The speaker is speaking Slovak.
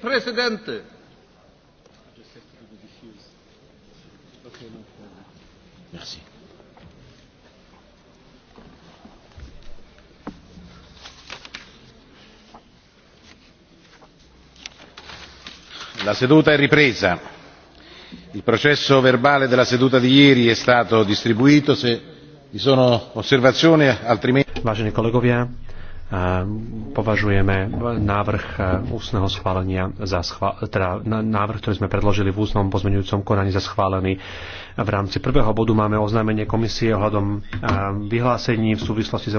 Presidente. Merci. La seduta è ripresa. Il processo verbale della seduta di ieri è stato distribuito. Se vi sono osservazioni, altrimenti. Vážení kolegovia, považujeme návrh e, ústneho schválenia za schvál, teda návrh, ktorý sme predložili v ústnom pozmeňujúcom konaní za schválený. V rámci prvého bodu máme oznámenie komisie ohľadom e, vyhlásení v súvislosti s